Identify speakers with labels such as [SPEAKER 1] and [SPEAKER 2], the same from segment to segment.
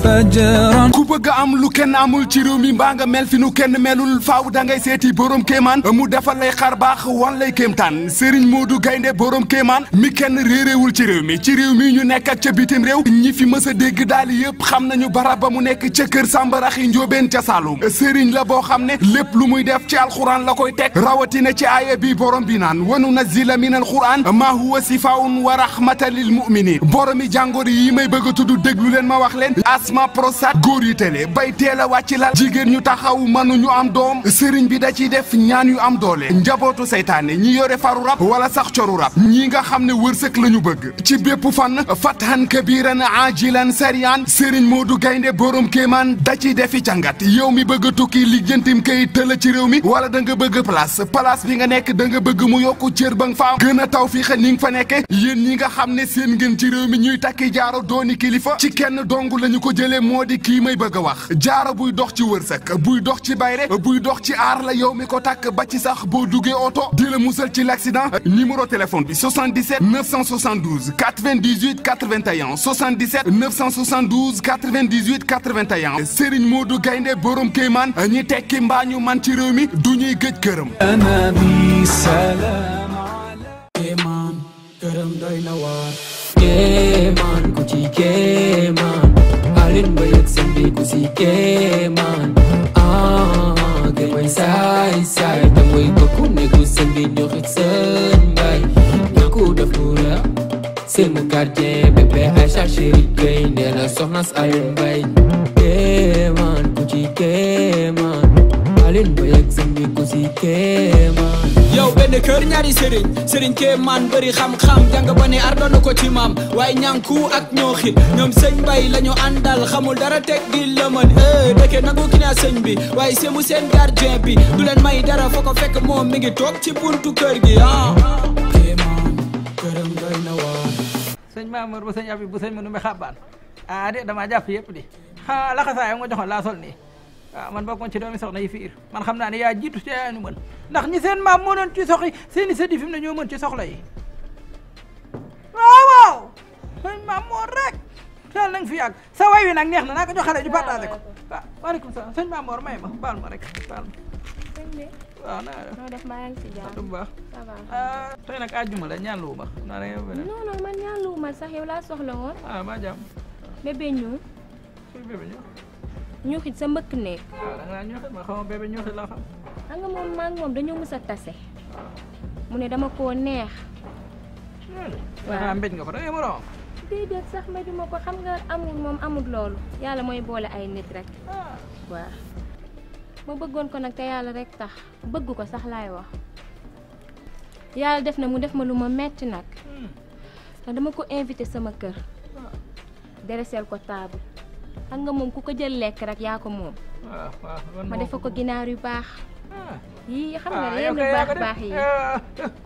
[SPEAKER 1] ku bëgg am lu kenn amul ci réew mi mbaa nga mel fi nu kenn melul faaw da ngay seeti borom kéemaan mu defal lay xar baax wan lay kéemtaan Serigne du Gaynde borom kéemaan mi kenn réerewul ci réew mi ci réew mi ñu nekk ak ca bitim réew ñi fi mës a dégg daal yëpp xam nañu barab ba mu nekk ca kër Sàmbaraxi Njóobeen ca Saalum Serigne la boo xam ne lépp lu muy def ci alxuraan la koy teg rawatina ci aaya bi borom bi naan wanu nazila min alxuraan maa huwa sifaun wa rahmatan lil muminin borom yi jàngoro yi may bëgg tudd déglu leen ma wax leen redressement prostate góor yi télé bay teel a wàcc lal jigéen ñu taxaw ñu am doom sëriñ bi da ciy def ñaan yu am doole njabootu seytaane ñi yore faru rab wala sax coru rab ñi nga xam ne wërsëg la ñu bëgg ci bépp fan fathan kabiran ajilan sarian sëriñ Moodu Gaynde borom kemaan da ciy defi càngat yow mi bëgg a tukki lijjantim kay tëla ci réew mi wala da nga bëgg place place bi nga nekk da nga bëgg mu yokk cër ba nga fa gën a taw fii ni nga fa nekke yéen ñi nga xam ne seen ngeen ci réew mi ñuy takki jaaro dooni kilifa ci kenn dong lañu ko jëlee mots di kii may bëgg wax jaara buy dox ci wërsëg buy dox ci bayre buy dox ci ar la yow mi ko tak ba ci sax bo duggé di ci l'accident numéro téléphone bi 77 972 98 81 77 972 98 81 Serigne Modou Gaynde borom Kéemaan ñi tekki mbañu man ci réew mi du ñuy gëj salam Kéemaan këram doy na war ku ci halin ba yak san bi ku si ke man ah ge moy sai sai da moy
[SPEAKER 2] ko ku ne ku san bi ñu xit sen
[SPEAKER 1] bay ko ku da fura c'est mon quartier bébé Aïcha chérie gaynde la soxnas ayun bay ke man ku ci ke sëriñ eh, ah. ba yegg sëñ ya bi ku si kéemaan yow benn kër ñaari sëriñ
[SPEAKER 2] sëriñ kéemaan bëri xam-xam jàng ba ne ar ko ci maam waaye ak ñoo xit ñoom bay la ñu xamul dara teg di lëmën eh dëkke nangu ki naa sëñ bi waaye semu seen gardien bi du leen may dara fa ko fekk moom mi ngi toog ci buntu kër gi ah kéemaan këram doy na waar sëñ Mamour bu sëñ Abi bu sëñ mënu mi xàbbaan ah de dama jàpp yëpp di xaa laxasaayam nga joxoon laa sol nii waaw ah, man bokkoon ci doomi soxna yi fi ir man xam naa ne yaa jiitu te yaa ñu mën ndax ñi seen maam moo doon ci soxi seen i sëddi fi mu ne ñoo mën ci soxla yi waaw waaw maam moo rek teel na fi yàgg sa way wi nag neex na naa ko jox xale ñu partagé ko waaw ah, waaleykum salaam sëñ Maam Mor may ma baal ma rek baal
[SPEAKER 3] ma
[SPEAKER 2] waaw ngi si jàmm bu baax ça ah, nag àjjuma la ñaan lu ma naa rek
[SPEAKER 3] non non man ñaan lu sax yow laa soxla woon ah maa jàmm bébé ñuul
[SPEAKER 2] bébé ñuul
[SPEAKER 3] ñuuxit sa mbëkk néeg waaw
[SPEAKER 2] da nga ñuuxit ma xawma
[SPEAKER 3] moom dañoo mës a tase mu ne dama koo neex
[SPEAKER 2] mbéj nga ko da ngay ya moroom
[SPEAKER 3] déedéet sax mbéju ma ko xam nga amul moom amul loolu yàlla mooy boole ay nit rek waaw ma bëggoon ko nag te yàlla rek tax bëgg ko sax laay wax yàlla def na mu def ma lu ma metti nag te hmm. dama ko invité sama kër dereseel ko table xam nga mom kuko jël lek rek ya ko mom ma def ko ginaar yu bax yi xam nga yenn bax bax yi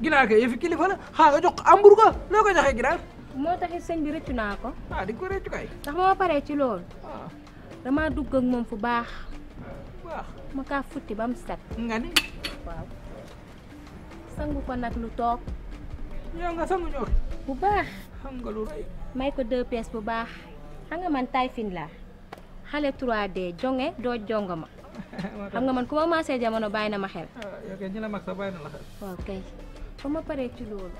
[SPEAKER 2] ginaar kay yefi kilifa la xaa nga jox amburu ga loo ko joxee ginaar
[SPEAKER 3] mo taxé señ bi reccu naa ko ah di ko reccu kay tax ba ma paree ci lool dama dugg ak mom fu bax bax ma ka futti bam set nga ni waaw sangu ya, ko nak lu tok? yo nga sangu ñor bu bax xam nga lu ray may ko deux pièces bu bax xam nga man tay fin la xalé 3D jongé do jongoma xam nga man kuma massé jamono bayina ma xel
[SPEAKER 2] ah, ok ñu la mag sa bayina la xel ok
[SPEAKER 3] kay ba ma paree ci lool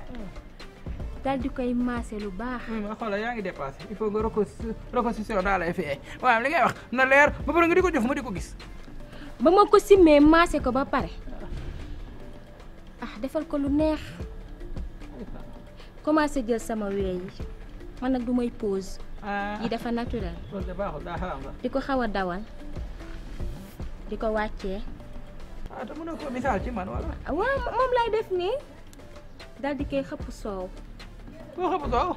[SPEAKER 3] dal di koy massé lu baax
[SPEAKER 2] hmm, xoolal yaa ngi dépassé il faut nga reconstitution dans la FA waam li ngay wax na leer ba pare nga diko ko jëf ma diko gis
[SPEAKER 3] ba mako simé massé ko ba paré ah defal ko lu neex commencé jël sama wee man nak dumay pause Ah. yi dafa naturel. di ko xaw a dawal di ko wàcce
[SPEAKER 2] ah ko misaal ci man wala.
[SPEAKER 3] Ah, waaw moom lay def nii dal di koy xëpp soow. koo xëpp soow.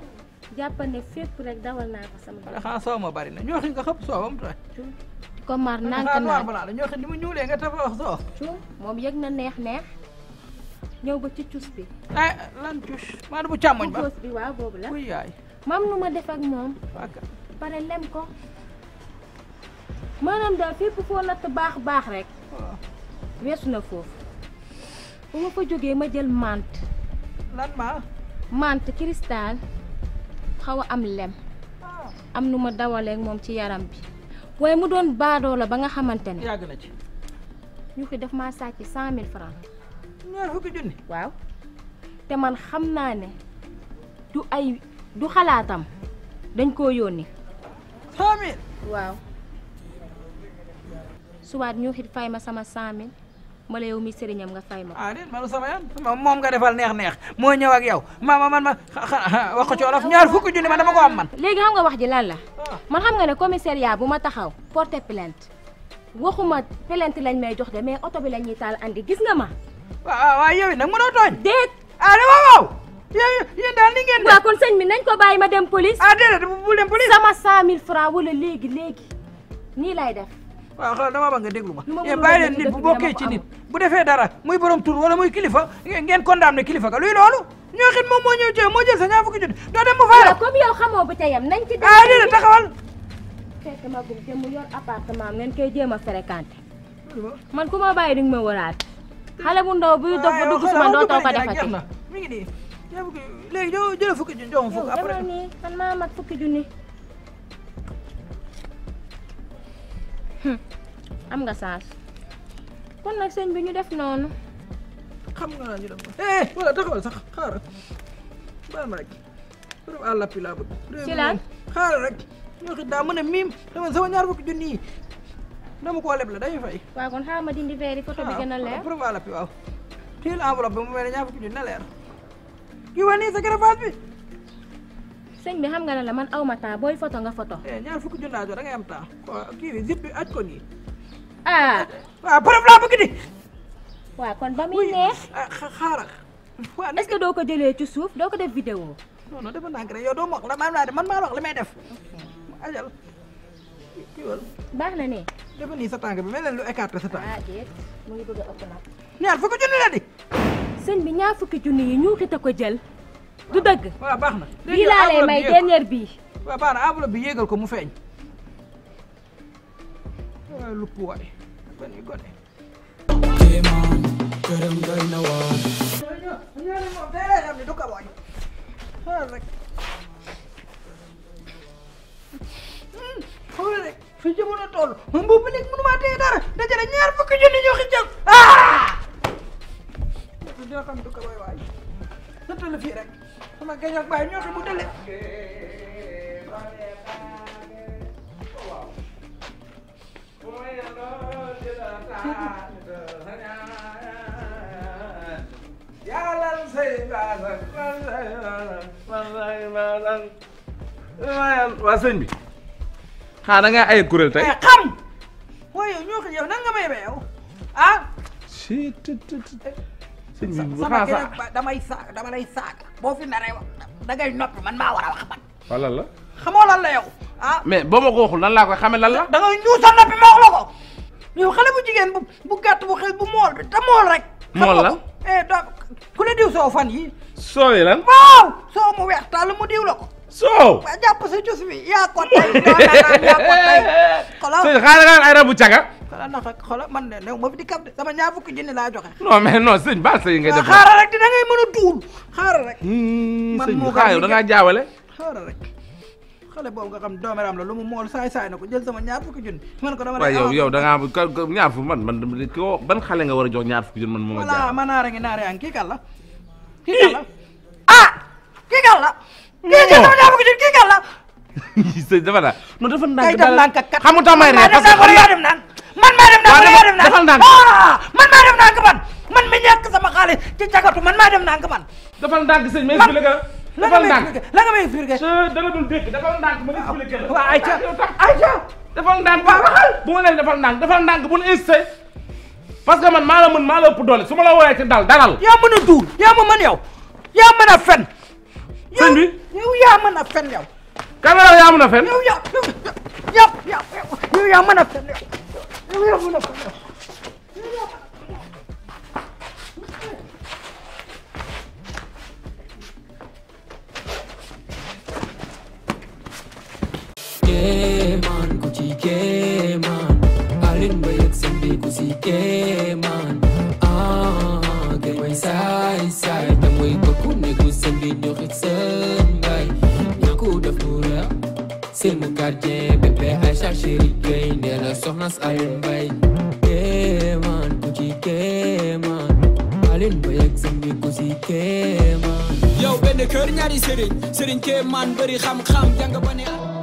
[SPEAKER 3] jàppande fépp rek dawal naa ko sama. wala
[SPEAKER 2] xanaa soow bari na ñoo xam xëpp soow am tuuti.
[SPEAKER 3] di ko mar nànk naa la ñoo xam ni wax soow. moom yëg na neex neex. ñëw ba ci cus bi. ay eh, lan cus. càmmoñ ba cus waaw boobu la. ma am nu ma def ak moom bare lem ko maanaam daal fépp ko natt baax baax rek weesu na foofu bu ma ko jógee ma jël mante lan ma mante xaw a am lem ah. am nu ma dawaleeg moom ci yaram bi waaye mu doon baadoo la ba nga xamante ne yàgg na ci ñu fi def maa sàcc cent mille francs ñaar fukki waaw te man xam naa ne du ay du xalaatam dañ koo yónni. 100000. waaw. subaat ñu xit fay ma sama 100000 ma la yow mi sëriñam nga fay ma. ah déet man sama
[SPEAKER 2] moom nga defal neex-neex moo ñëw ak yow ma ma man ma wax ko ñaar fukki junni dama ko am man.
[SPEAKER 3] léegi xam nga wax ji lan la ah. man xam nga ne commissariat bu ma taxaw porter plainte waxuma plainte lañ may jox de mais oto bi la ñuy taal andi gis nga ma. waaw waaw yow it nag mënoo tooñ. déet. ah li ma waaw. yéen yéen daal ni ngeen def waaw kon sëñ bi nañ ko bàyyi ma dem police. ah déedéet bu dem police. sama 100000F wala léegi léegi nii lay def.
[SPEAKER 2] waaw xoolal damaa ba nga déglu ma. ma eh, bàyyi leen nit bu bokkee ci nit. bu defee dara muy borom tur wala muy kilifa ngeen condamné kilifa ka luy loolu. ñoo xit moom moo ñëw ci moo jël sa ñaar fukki junni doo dem mu faara.
[SPEAKER 3] comme yow xamoo ba ca yam nañ ci. ah déedéet taxawal. fekk ma gum te mu yor appartement ngeen koy jéem a fréquenté. man ku ma bàyyi di nga ma waraat. xale bu ndaw buy dox ba ah, dugg suma dootoo ko defati mi ngi nii
[SPEAKER 2] yaa fukki junni doo ma fukk
[SPEAKER 3] am nga saas. kon nag sëñ bi ñu def noonu. xam nga naa ñu dem eh wala taxawal sax xaaral
[SPEAKER 2] baal ma rek borom àll bi laa bëgg. ci lan xaaral rek ñoo xam daa miim dama sama ñaar fukki junni yi dama koo leb la dañuy fay.
[SPEAKER 3] waaw kon xaaral dindi verre yi bi gën a leer.
[SPEAKER 2] waaw borom mu mel ne ñaar leer.
[SPEAKER 3] yiwani sa gëna face bi señ bi xam nga ne la man aw ma taa booy photo nga photo eh ñaar fukk jundaa jo da ngay am ta ki bi zip bi acc ko ni ah wa problème
[SPEAKER 2] la bëgg di wa kon ba muy neex xaaral ah, waaw est ce do ko jëlé ci suuf do ko def vidéo non non dafa nànk rek yow do mok la maa la man ma wax limay def
[SPEAKER 3] ajal kiiwal baax na ne dafa nii sa tànk bi mel lu écarté sa tànk ah déet mu ngi bëgg a ëpp nag ñaar fukki junni di sëñ bi ñaar fukki junni yi ñu xite ko jël
[SPEAKER 2] du dëgg waaw baax na bii laa lay may dernière bii waaw baax na bi yéegal ko mu feeñ waaw lupp fukki junni ñu xijal dina xam du ko booy waay nëttalu fii rek sama gañ ak bàyyi ñoo ko bu dële
[SPEAKER 1] yàllal say baasal waa sëñ bi xaa da nga ay kuréel tey xam
[SPEAKER 2] waaye ñoo ko yow nan
[SPEAKER 1] sëñ bi sama keneen
[SPEAKER 2] damay sa dama lay saag boo fi naree wax dangay man maa war a wax man. wala la. xamoo lan la yow ah.
[SPEAKER 1] mais boo ma ko waxul lan laa koy xamee lan la.
[SPEAKER 2] dangay ko. yow xale bu jigéen bu bu bu xel bu mool te mool rek. mool la eh donc ku la diw soow fan ko. soow si jus bi yaa ko tey
[SPEAKER 1] yaa
[SPEAKER 3] ko tey.
[SPEAKER 2] xaaral ay rabu laa nax ak xoolal man de new ma fi di kaf de sama ñaar fukki junni laa joxe. non mais
[SPEAKER 1] non Ba sëñ ngay def. xaaral
[SPEAKER 2] rek dina ngay mën a tuul xaaral rek.
[SPEAKER 1] Hmm, man moo gën a da
[SPEAKER 2] ngaa la lu mu mool saay saay na ko jël sama ñaar fukki junni. man ko dama lay yow yow
[SPEAKER 1] da ngaa ñaar fukki man man koo ban xale nga war a jox ñaar fukki
[SPEAKER 2] kii kan la. kii kan la ah kii kan la. kii jël sama ñaar fukki junni kii kan naa non dafa naan. kay kat kat xam nga tax may ree Ah, man maa dem naa ko dem naa man maa dem naa ko man man mi ñàkk sama xaalis ci cagatu man maa dem naa ko man. dafal ndànk
[SPEAKER 1] sëñ ma expliqué la. dafal ndànk la nga may expliqué da nga dul dégg dafal ndànk ma expliqué la. waaw ayca ayca. dafal ndànk waaw waxal bu ma leen dafal ndànk dafal ndànk bu nu insisté parce que man maa la mën maa la ëpp doole su ma la wooyee ci dal dalal. yaa mën a duur yaa ma mën yow yaa mën a fen. sëñ bi yow yaa mën a fen yow. kan la yaa mën a fen. yow yaa
[SPEAKER 2] yow yow yow yaa mën a fen yow Keman,
[SPEAKER 1] Gucci Keman Alin bayag sambi ko si Keman Ah, gaway say-say Tamoy pagkunig ko sambi nyo kitsan ba Selma gardien bébé Aïcha chéri Gueye nee na soxna si Alioune Mbaye. Kéemaan
[SPEAKER 2] ku ci kéemaan Alioune Mbaye ak Sëñ ku kër ñaari sëriñ sëriñ kéemaan bëri xam-xam jàng ba ne